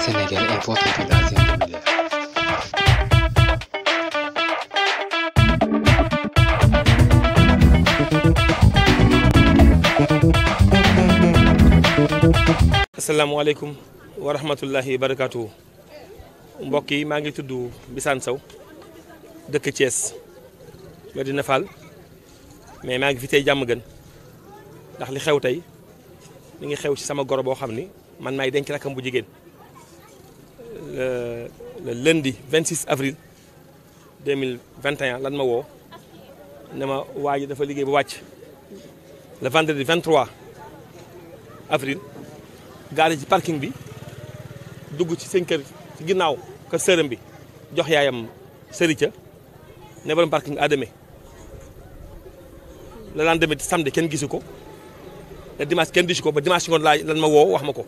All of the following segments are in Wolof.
Sénégal Info Présentation barakaatu. mbokk yi maa ngi tudd Bisaan Sow dëkk Thiès Medina Fall mais maa ngi fi tey jàmm gën ndax li xew tey mi ngi xew ci sama goro boo xam ni man maay denc rakkam bu jigéen. le le lundi 26 avril 2021 lan ma woo ne ma waa dafa liggéey ba wàcc le vendredi 23 avril gaare ci parking bi dugg ci seen kër ci ginnaaw kër sërëm bi jox yaayam sërica ne borom parking adame le lendemain samedi kenn gisu ko le dimanche kenn gisu ko ba dimanche ngoon laa lan ma woo wax ma ko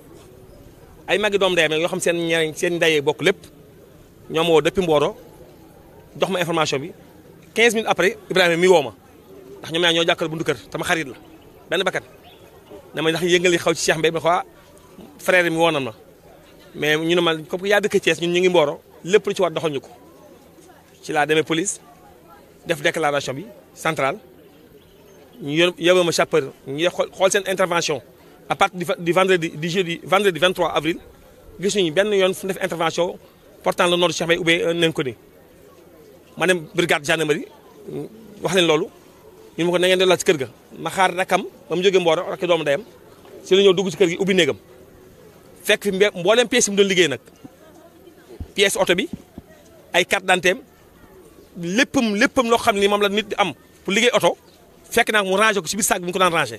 ay magi doom yo xam sen depuis Mboro jox information 15 minutes après Ibrahima mi woo ma ndax ñom ñoo buntu xarit la Ben bakat dama ndax xaw ci Cheikh ah frère mi mais ñu ne ma comme yaa dëkk ñun Mboro ci ci police def déclaration bi centrale ñu intervention à partir du vendredi du jeudi vendredi 23 avril gisuñu benn yoon fu def intervention portant le nom de Cheikh Mbaye ou bien un inconnu ma dem brigade gendarmerie euh, wax leen loolu ñu ma ko na ngeen delluwaat ci kër ga ma xaar rakam ba mu jógee Mboro rakki doomu ndeyam si la ñëw dugg ci kër gi ubbi néegam fekk fi mbooleem pièce yi mu doon liggéey nag pièce oto bi ay carte d'identité léppam léppam loo xam ne moom la nit di am pour liggéey oto fekk naa mu rangé ko si biir saag bi mu rangé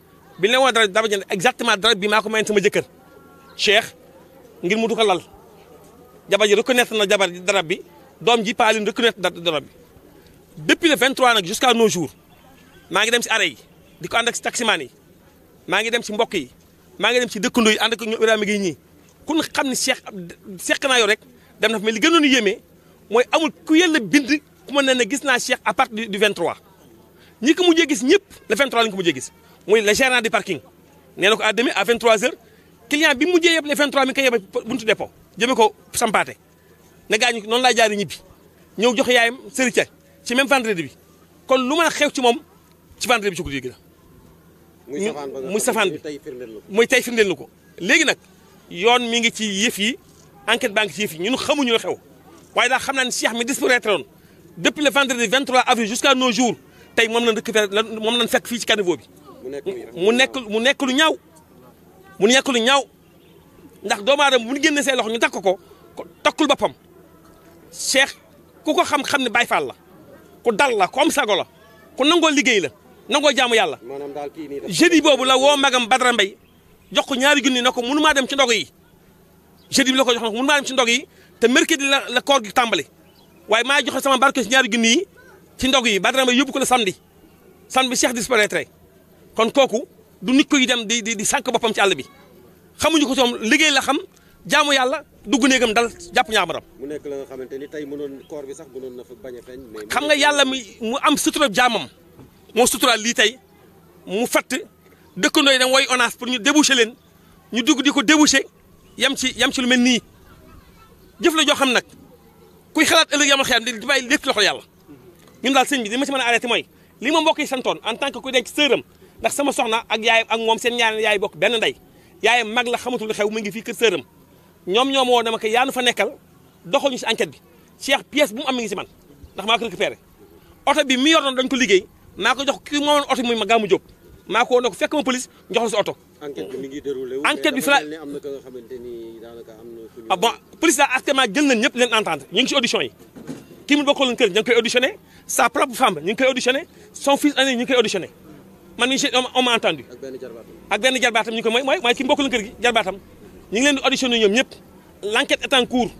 bin la won dara dama jënd exactement dara bima maa ko mayoon sama jëkkër cheikh ngir mu du ko lal jabar ji reconnaître na jabar dara bi dom ji paalin reconnaître dara bi depuis le 23 nag jusqu'à nos jours maa ngi dem si arrêt di ko ànd si taxi mani, maa ngi dem si mbokk yi ngi dem si dëkkandoo yi ànd ak ñoom Ibrahima kun kam ni ne xam ne yorek dem na fa mais li gënoon amul kuyel le bindi ku ma ne ne apart du 23 ñi ko mujjee gis ñëpp le 23 lañ ko gis muy le gérant du parking nee à demi à 23h client bi mujjee yëpp les 23 mi koy yëpp buntu dépôt jëmee ko sampaté né gañu non la jaari ñibi ñew jox yaayam sëriñ ci même vendredi bi kon luma xew ci mom ci vendredi bi ci ko gi la. muy safane bi muy tey firndeel na ko léegi nag yoon mi ngi ci yef yi enquête banque ngi ci yëf yi ñun xamuñu la xew waaye daal xam naa Cheikh mi disparaître woon depuis le vendredi 23 avril jusqu'à nos jours tay mom la récupéré mom lañ fekk fi ci caniveau bi. mu nekk mu nekk lu ñaw mu nekk lu ñaaw ndax doomu aadama bu ñu génne say loxo ñu takk ko takkul boppam Cheikh ku ko xam-xam ne baay Fall la ku dal la ku sago la ku nangoo liggéey la nangoo jaamu yàlla jeudi boobu la woo magam Badara Mbaye jox ko ñaari junni na ko mënu maa dem ci ndog yi jeudi bi la ko jox na ko maa dem ci ndog yi te mercredi la la koor gi tàmbali waaye maa joxe sama barke si ñaari junni yi ci ndog yi Badara Mbaye yóbbu ko la samedi samedi bi Cheikh kon kooku du nit koy dem di di di sànq boppam ci àll bi xamuñu ko soom liggéey la xam jaamu yàlla dugg néegam dal jàpp ñaamaram. mu nekk la xamante ni tey mënoon koor bi sax mënoon na a feeñ mais xam nga yàlla mi mu am sutura jaamam moo sutura lii tey mu fatt dëkkandoo yi da woy ONAS pour ñu déboucher leen ñu dugg di ko déboucher yam ci yam ci lu mel nii jëf la joo xam nag kuy xalaat ëllëg yamal xiyam di bàyyi lépp loxo yàlla ñun daal sëñ bi li ma ci mën a arrêté mooy li ma mbokk yi santoon en tant que kuy denc sëram ndax sama soxna ak yaay ak mom seen ñaan yaay bok ben nday yaay mag la xamatu lu xew mu ngi fi keur seureum ñom ñom mo dama ko yaanu fa nekkal doxoñu ci enquête bi Cheikh pièce bu mu am ngi ci man ndax ma ko récupéré auto bi mi yor noonu dañ ko liggéey maa ko jox ki mo won auto muy ma gamu job maa ko woon ko fekk ma police jox ci auto enquête bi mi ngi déroulé wu. enquête bi fa la am na ko xamanteni danaka ni daanaka am na. ah bon police daal ma jël na ñëpp leen entendre ñu ngi si audition yi ki mu bokkaloon kër ñu ngi koy auditionné sa propre femme ñu koy auditionné son fils aîné ñu koy auditionné man mi on m'a entendu ak ben jarbatam ñu ko moy moy ki mbokkul keur gi jarbatam ñu ngi leen di auditionné ñom ñep l'enquête est en cours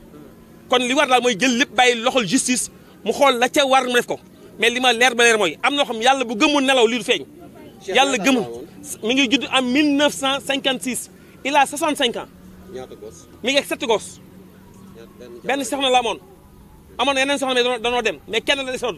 kon li war daal moy jël lepp bàyyi loxol justice mu xol la ca war mu def ko mais li ma leer ba leer moy am na xam yalla bu gëmul nelaw li du feeñ yalla gëmul mi ngi judd en 1956 il a 65 ans mi ngi ak sept gosse ben soxna la amoon amoon yenen soxna mais danoo dem mais kenn la desoon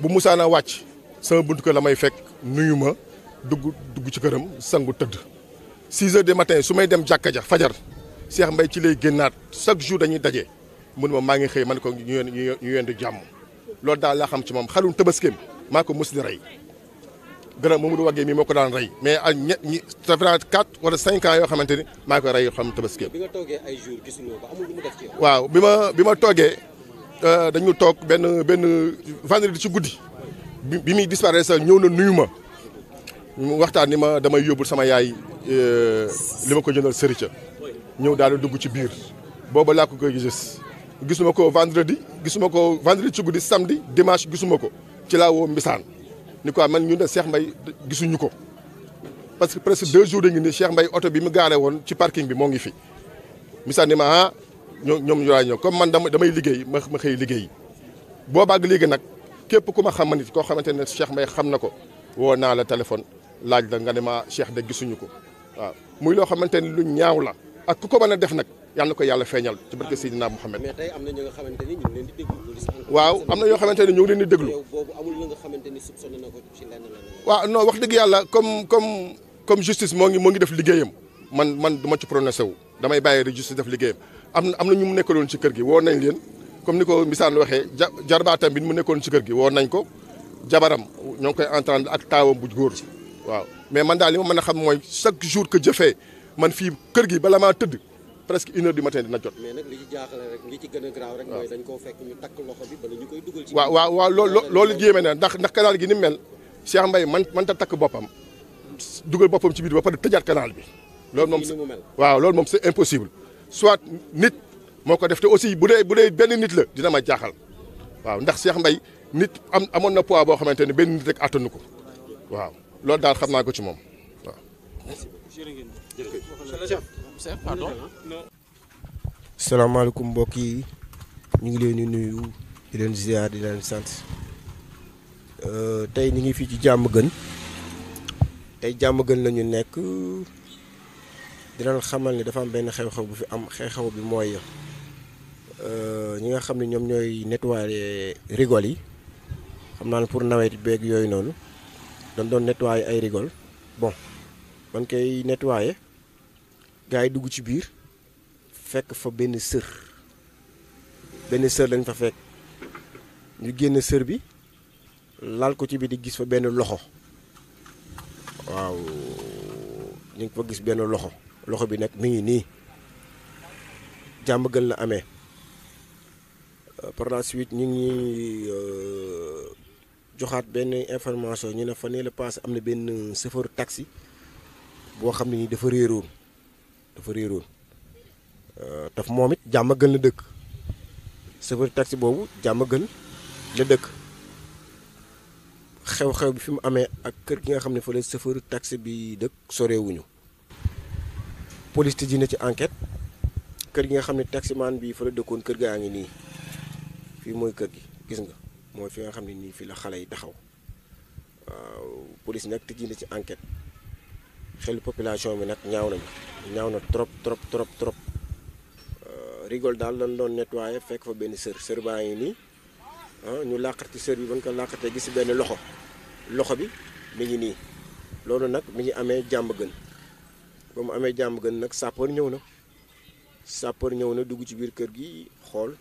bu musaana wàcc sama buntu kër la may fekk nuyu ma dugg dugg ci këram sangu tëdd. 6 heures du matin su may dem jàkka ja fajar Cheikh Mbaye ci lay génnaat chaque jour dañuy daje mun ma maa ngi xëy man ko ñu ñu ñu yendu jàmm lool daal laa xam ci moom xarum tabaskeem maa ko mos di rey. gën a Mamadou Wagué mii moo ko daan rey mais ak ñett ñi ça quatre wala cinq ans yoo xamante ni maa ko rey yoo xam tabaskeem. bi nga toogee ay jours gisuloo ko waaw bi ma bi ma toogee. Euh, dañu toog benn benn vendredi ci guddi bi muy disparaître ñëw na nuyu mu waxtaan ni ma damay yóbbul sama yaay euh, li ma ko jëndal sërica ñëw daal di dugg ci biir boobu laa ko koy gis gisuma ko vendredi gisuma ko vendredi ci guddi samedi dimanche gisuma ko ci laa woo Mbisaan ni quoi man ñu ne Cheikh Mbaye gisuñu ko parce que presque deux jours a ngi ni Cheikh mbay oto bi mu gaaree woon ci parking bi moo ngi fi Mbisaan ni ma ah ñoo ñoom ñu ñoo comme man dama damay liggéey ma ma xëy liggéey boobaag léegi nag képp ku ma xam ma nit koo xamante ne Cheikh Mbaye xam na ko woo naa la téléphone laaj la nga ne ma Cheikh de gisuñu ko waaw muy loo xamante ne lu ñaaw la ak ku ko mën a def nag yàlla na ko yàlla feeñal ci barke Seydina Mouhamed. mais tey am na ñoo nga xamante ni ñu waaw am na ñoo xamante ni ñu ngi leen di déglu. boobu amul nga xamante ni ko ci lenn la. waaw non wax dëgg yàlla comme comme comme justice moo ngi moo ngi def liggéeyam man man duma ci prononcé wu damay bàyyi rek justice def liggéeyam am na ñu mu nekkaloon ci kër gi woo nañ leen comme ni ko Mbissane waxee ja jarbaatam bi mu nekkoon ci kër gi woo nañ ko jabaram ñoo ngi koy entendre ak taawam bu góor waaw mais man daal li ma mën a xam mooy chaque jour que je man fii kër gi bala maa tëdd presque une heure du matin dina jot. mais nag li ci jaaxale rek li ci gën a graaw rek. mooy dañ koo fekk ñu takk loxo bi bala ñu koy dugal. ci waaw waaw waaw loolu loolu jéeme na ndax ndax canal gi ni mel Cheikh Mbaye man man ta takk boppam dugal boppam ci biir ba pare tëjaat canal bi. loolu moom waaw loolu moom c'est impossible. soit nit moko def te aussi bu dee ben nit la dina ma jaxal waaw ndax Cheikh mbay nit am amoon na poids bo xamanteni ben nit rek attanu ko waaw loolu dal xamna ko ci mom waaw. alaykum mbok yi ñu ngi leen di nuyu di leen ziar di leen euh tay ñi ngi fi ci jamm gën tay jamm gën lañu nekk. di leen xamal ni dafa am benn xew-xew bu fi am xew-xew bi mooy euh, ñi nga xam ne ñoom ñooy nettoyer rigole yi xam naa ne pour nawet beeg yooyu noonu dañ doon nettoyer ay rigole bon man koy nettoyer gars yi dugg ci biir fekk fa benn sër benn sër lañ fa fekk ñu génn sër bi laal ko ci biir di gis fa benn loxo waaw ñu ngi fa gis benn loxo loxo bi nak mi ngi nii jàmm gën la amee euh, par la suite ñi ngi euh, joxat ben information ñu ne fa ne la paase amna ben chauffeur taxi boo xamni ni dafa réeroon dafa réeroon euh, taf momit jamm gel na dekk chauffeur taxi bobu jamm gel la dekk xew-xew bi fi amé ak kër gi nga xamni fa le chauffeur taxi bi dëkk sorewuñu police tijji na ci enquête kër gi nga xam ne taximaan bi fa la dëkkoon kër gaa ngi nii fii mooy kër gi gis nga mooy fi nga xam ne nii fii la xale yi taxaw waaw nag tijji na ci enquête xelu population bi nag ñaaw nañu ñaaw na trop trop trop trop euh, rigole daal lan doon nettoyé fekk fa benn sër sër baa ngi nii ah, ñu làqati sër bi ban ko làqatee gis benn loxo loxo bi mi ngi nii loolu nag mi ngi amee jàmb gën ba mu amee jàmm gën nag sapeur ñëw na sapeur ñëw na dugg ci biir kër gi xool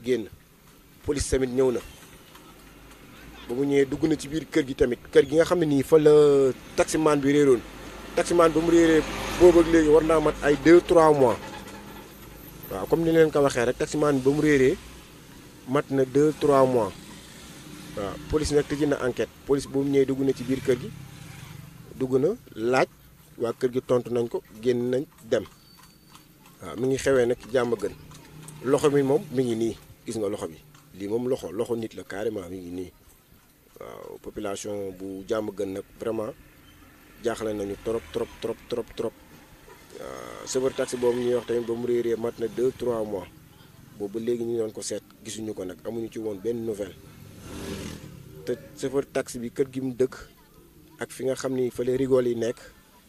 génn police tamit ñëw na ba mu ñëwee dugg na ci biir kër gi tamit kër gi nga xam ne nii fa la taximaan bi réeroon taximaan ba mu réeree boobu ak léegi war naa mat ay 2 trois mois waaw comme ni leen ko waxee rek taximaan bi ba mu réeree mat na 2 3 mois waaw police nag tëj na enquête police boobu ñëwee dugg na ci biir kër gi dugg na laaj waa kër gi tontu nañ ko génn nañ dem waaw mi ngi xewee nag jàmm gën loxo bi moom mi ngi nii gis nga loxo bi lii moom loxo loxo nit la carrément mu ngi nii waaw population bu jàmm gën nag vraiment jaaxle nañu trop trop trop trop trop chauffeur taxi boobu ñuy wax tamit ba mu réeree mat na 2 3 mois boobu léegi ñu doon ko seet gisuñu ko nag amuñu ci woon benn nouvelle te chauffeur taxi bi kër gi mu dëkk ak fi nga xam ni fële rigol yi nekk.